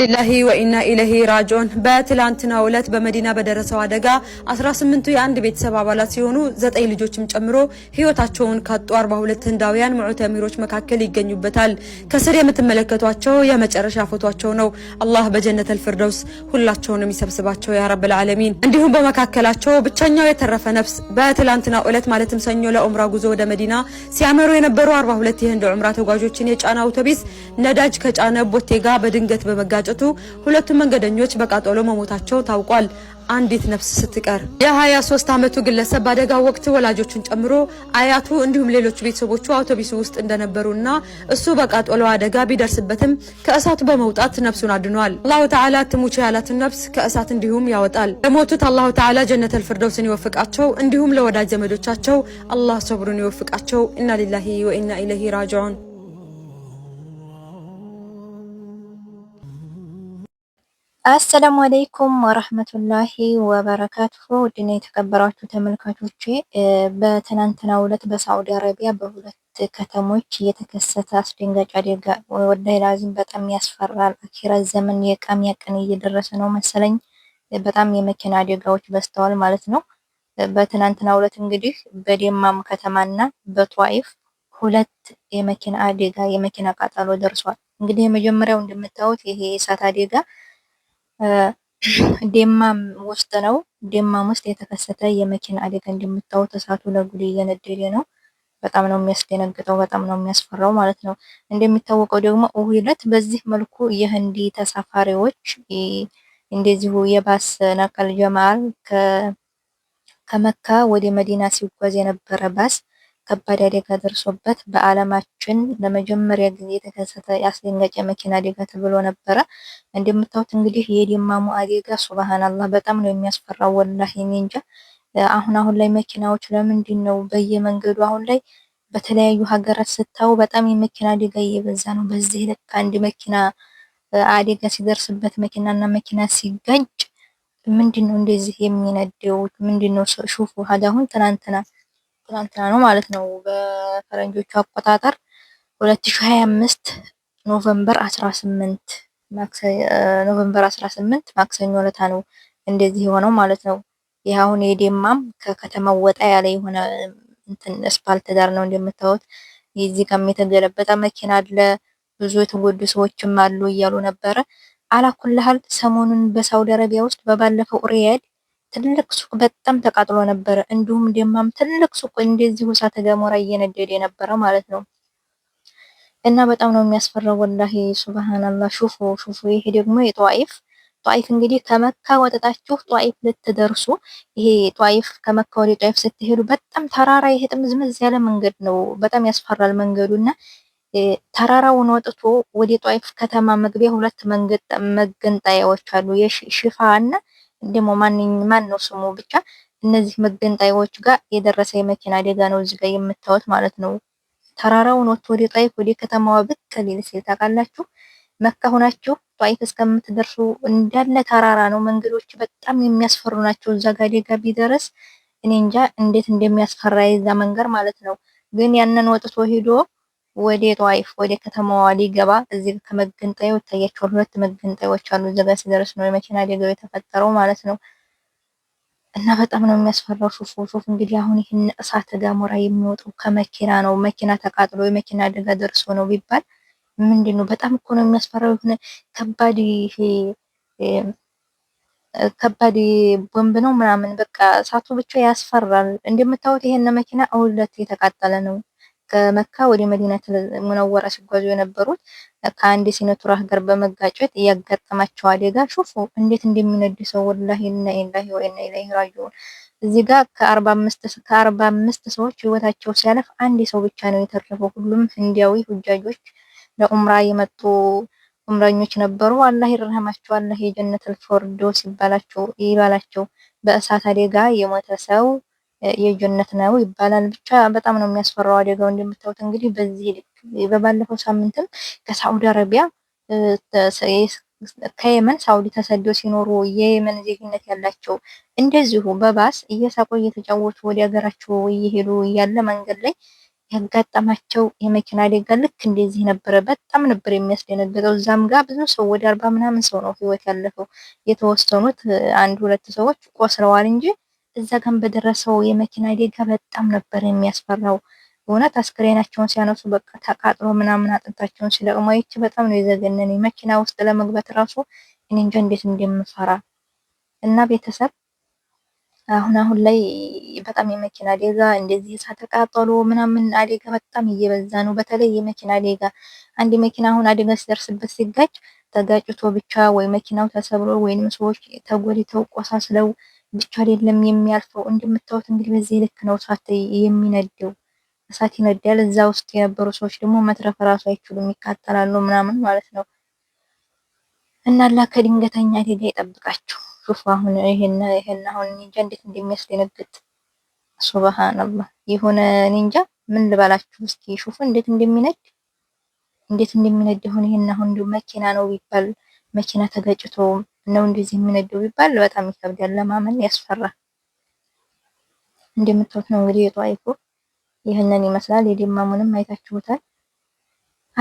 ሊላሂ ወኢና ኢለይሂ ራጆን በትላንትናው ዕለት በመዲና በደረሰው አደጋ 18ቱ የአንድ ቤተሰብ አባላት ሲሆኑ ዘጠኝ ልጆችም ጨምሮ ህይወታቸውን ካጡ 42 ህንዳውያን ሙዕተሚሮች መካከል ይገኙበታል። ከስር የምትመለከቷቸው የመጨረሻ ፎቷቸው ነው። አላህ በጀነተል ፊርደውስ ሁላቸውንም ይሰብስባቸው ያ ረብል ዓለሚን። እንዲሁም በመካከላቸው ብቸኛው የተረፈ ነፍስ በትላንትናው ዕለት ማለትም ሰኞ ለዑምራ ጉዞ ወደ መዲና ሲያመሩ የነበሩ 42 የህንድ ዑምራ ተጓዦችን የጫነ አውቶቡስ ነዳጅ ከጫነ ቦቴ ጋር በድንገት በመጋጨት በመጋጨቱ ሁለቱ መንገደኞች በቃጠሎ መሞታቸው ታውቋል። አንዲት ነፍስ ስትቀር የ23 ዓመቱ ግለሰብ በአደጋ ወቅት ወላጆቹን ጨምሮ አያቱ እንዲሁም ሌሎች ቤተሰቦቹ አውቶቢስ ውስጥ እንደነበሩና እሱ በቃጠሎ አደጋ ቢደርስበትም ከእሳቱ በመውጣት ነፍሱን አድኗል። አላሁ ተዓላ ትሙቼ ያላትን ነፍስ ከእሳት እንዲሁም ያወጣል። ለሞቱት አላሁ ተዓላ ጀነተል ፊርደውስን ይወፍቃቸው፣ እንዲሁም ለወዳጅ ዘመዶቻቸው አላህ ሰብሩን ይወፍቃቸው። ኢና ሊላሂ ወኢና ኢለይሂ ራጂዑን አሰላሙ አለይኩም ወረህመቱላሂ ወበረካቱ ውድና የተከበራችሁ ተመልካቾቼ በትናንትናው ዕለት በሳዑዲ አረቢያ በሁለት ከተሞች የተከሰተ አስደንጋጭ አደጋ ወላሂ ላዚም በጣም ያስፈራል። አኪራ ዘመን የቀን ያቀን እየደረሰ ነው መሰለኝ። በጣም የመኪና አደጋዎች በዝተዋል ማለት ነው። በትናንትናው ዕለት እንግዲህ በደማም ከተማና በጧይፍ ሁለት የመኪና አደጋ የመኪና ቃጠሎ ደርሷል። እንግዲህ የመጀመሪያው እንደምታዩት ይሄ የእሳት አደጋ ዴማም ውስጥ ነው። ዴማም ውስጥ የተከሰተ የመኪና አደጋ እንደምታዩት እሳቱ ለጉድ እየነደደ ነው። በጣም ነው የሚያስደነግጠው፣ በጣም ነው የሚያስፈራው ማለት ነው። እንደሚታወቀው ደግሞ እሁድ ዕለት በዚህ መልኩ የህንዲ ተሳፋሪዎች እንደዚሁ የባስ ነቀል ጀማል ከመካ ወደ መዲና ሲጓዝ የነበረ ባስ ከባድ አደጋ ደርሶበት በዓለማችን ለመጀመሪያ ጊዜ የተከሰተ የአስደንጋጭ የመኪና አደጋ ተብሎ ነበረ። እንደምታዩት እንግዲህ የደማሙ አደጋ ሱብሃንአላህ በጣም ነው የሚያስፈራው። ወላሂ እኔ እንጃ አሁን አሁን ላይ መኪናዎች ለምንድን ነው በየመንገዱ አሁን ላይ በተለያዩ ሀገራት ስታዩ በጣም የመኪና አደጋ እየበዛ ነው። በዚህ ልክ አንድ መኪና አደጋ ሲደርስበት መኪናና መኪና ሲጋጭ ምንድን ነው እንደዚህ የሚነደው? ምንድን ነው ሹፉ ሀዳሁን ትናንትና ትናንትና ነው ማለት ነው በፈረንጆቹ አቆጣጠር 2025 ኖቨምበር 18 ኖቨምበር 18 ማክሰኞ ለታ ነው እንደዚህ የሆነው ማለት ነው። ይህ አሁን የዴማም ከከተማው ወጣ ያለ የሆነ እንትን አስፓልት ዳር ነው እንደምታዩት። እዚህ ጋም የተገለበጠ መኪና አለ፣ ብዙ የተጎዱ ሰዎችም አሉ እያሉ ነበረ። አላኩልሃል ሰሞኑን በሳውዲ አረቢያ ውስጥ በባለፈው ሪያድ ትልቅ ሱቅ በጣም ተቃጥሎ ነበረ። እንዲሁም ደማም ትልቅ ሱቅ እንደዚህ እሳተ ገሞራ እየነደደ ነበረ ማለት ነው። እና በጣም ነው የሚያስፈራው ወላሂ ሱብሃንአላህ። ሹፉ ሹፉ። ይሄ ደግሞ የጧይፍ ጧይፍ እንግዲህ ከመካ ወጥታችሁ ጧይፍ ልትደርሱ ይሄ ጧይፍ ከመካ ወደ ጧይፍ ስትሄዱ በጣም ተራራ ይሄ ጥምዝምዝ ያለ መንገድ ነው። በጣም ያስፈራል መንገዱና ተራራውን ወጥቶ ወደ ጧይፍ ከተማ መግቢያ ሁለት መንገድ መገንጣያዎች አሉ፣ የሽፋ እና ደግሞ ማን ነው ስሙ ብቻ እነዚህ መገንጣዮች ጋር የደረሰ የመኪና አደጋ ነው እዚህ ጋር የምታዩት ማለት ነው። ተራራውን ወጥቶ ወደ ጣይፍ ወደ ከተማዋ ብቅ ሊል ሲል ታውቃላችሁ። መካ ሆናችሁ ጣይፍ እስከምትደርሱ እንዳለ ተራራ ነው። መንገዶች በጣም የሚያስፈሩ ናቸው። እዛ ጋር አደጋ ቢደረስ እኔ እንጃ እንዴት እንደሚያስፈራ የዛ መንገድ ማለት ነው። ግን ያንን ወጥቶ ሄዶ ወደ ጧይፍ ወደ ከተማዋ ሊገባ እዚህ ከመገንጠያው ይታያቸዋል። ሁለት መገንጠያዎች አሉ። ጋር ሲደርስ ነው የመኪና አደጋው የተፈጠረው ማለት ነው። እና በጣም ነው የሚያስፈራው። ሱፍ ሱፍ እንግዲህ አሁን ይህን እሳተ ገሞራ የሚወጣው ከመኪና ነው። መኪና ተቃጥሎ የመኪና አደጋ ደርሶ ነው ቢባል ምንድን ነው? በጣም እኮ ነው የሚያስፈራው። የሆነ ከባድ ይሄ ከባድ ቦምብ ነው ምናምን በቃ እሳቱ ብቻ ያስፈራል። እንደምታዩት ይሄን መኪና ሁለት የተቃጠለ ነው። ከመካ ወደ መዲናት ሙነወራ ሲጓዙ የነበሩት ከአንድ ሲኖትራክ ጋር በመጋጨት ያጋጠማቸው አደጋ ሹፉ እንዴት እንደሚነድ ሰው ወላሂ እና ኢላሂ ወኢና ኢለይሂ ራጂዑን። እዚህ ጋር ከአርባ አምስት ሰዎች ህይወታቸው ሲያለፍ አንድ ሰው ብቻ ነው የተረፈው። ሁሉም ህንዲያዊ ሁጃጆች ለኡምራ የመጡ ኡምራኞች ነበሩ። አላህ ይርሃማቸው። አላህ የጀነቱል ይባላቸው ይባላቸው። በእሳት አደጋ የሞተ ሰው የልጅነት ነው ይባላል። ብቻ በጣም ነው የሚያስፈራው አደጋው። እንደምታዩት እንግዲህ በዚህ ልክ በባለፈው ሳምንትም ከሳዑዲ አረቢያ ከየመን ሳውዲ ተሰደው ሲኖሩ የየመን ዜግነት ያላቸው እንደዚሁ በባስ እየሳቁ እየተጫወቱ ወደ ሀገራቸው እየሄዱ እያለ መንገድ ላይ ያጋጠማቸው የመኪና አደጋ ልክ እንደዚህ ነበረ። በጣም ነበር የሚያስደነግጠው። እዛም ጋር ብዙ ሰው ወደ አርባ ምናምን ሰው ነው ህይወት ያለፈው። የተወሰኑት አንድ ሁለት ሰዎች ቆስለዋል እንጂ እዛ ጋም በደረሰው የመኪና አደጋ በጣም ነበር የሚያስፈራው። እውነት አስክሬናቸውን ሲያነሱ በቃ ተቃጥሎ ምናምን አጥንታቸውን ሲለቅሙ አይቼ በጣም ነው የዘገነን። መኪና ውስጥ ለመግባት ራሱ እኔ እንጃ እንዴት እንደምፈራ እና ቤተሰብ አሁን አሁን ላይ በጣም የመኪና አደጋ እንደዚህ ሳተቃጠሎ ምናምን አደጋ በጣም እየበዛ ነው። በተለይ የመኪና አደጋ አንድ መኪና አሁን አደጋ ሲደርስበት ሲጋጭ ተጋጭቶ ብቻ ወይ መኪናው ተሰብሮ ወይንም ሰዎች ተጎድተው ቆሳስለው ብቻ አይደለም የሚያልፈው። እንደምታዩት እንግዲህ በዚህ ልክ ነው እሳት የሚነደው። እሳት ይነዳል። እዛ ውስጥ የነበሩ ሰዎች ደግሞ መትረፍ ራሱ አይችሉም፣ ይቃጠላሉ ምናምን ማለት ነው። እና አላህ ከድንገተኛ አደጋ ይጠብቃችሁ ሹፍ አሁን ይሄን ይሄን አሁን እንጃ እንዴት እንደሚያስደነግጥ ሱብሃንአላህ። የሆነ እንጃ ምን ልበላችሁ እስኪ ሹፍ እንዴት እንደሚነድ እንዴት እንደሚነድ አሁን ይሄን አሁን መኪና ነው ቢባል መኪና ተገጭቶ ነው እንደዚህ የሚነደው ቢባል በጣም ይከብዳል ለማመን ያስፈራል። እንደምታዩት ነው እንግዲህ የጧይፉ ይህንን ይመስላል። የደማሙንም አይታችሁታል።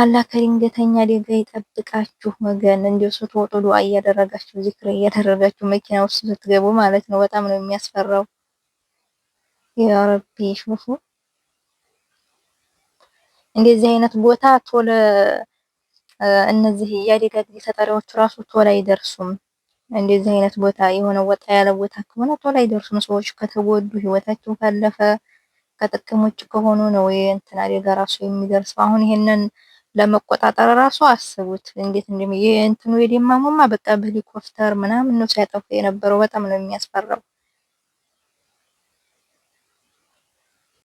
አላህ ከድንገተኛ አደጋ ይጠብቃችሁ ወገን። እንደው ስትወጡ ዱአ እያደረጋችሁ ዚክር እያደረጋችሁ መኪና ውስጥ ስትገቡ ማለት ነው። በጣም ነው የሚያስፈራው። የአረብ ሹፉ እንደዚህ አይነት ቦታ ቶሎ እነዚህ የአደጋ ጊዜ ተጠሪዎቹ ራሱ ቶሎ አይደርሱም። እንደዚህ አይነት ቦታ የሆነ ወጣ ያለ ቦታ ከሆነ ቶሎ አይደርሱም። ሰዎች ከተጎዱ ህይወታቸው ካለፈ ከጥቅም ውጭ ከሆኑ ነው የእንትን አደጋ ራሱ የሚደርሰው። አሁን ይሄንን ለመቆጣጠር ራሱ አስቡት እንዴት እንደሚ እንትኑ የደማሙማ በቃ በሄሊኮፕተር ምናምን ነው ሲያጠፉ የነበረው። በጣም ነው የሚያስፈራው።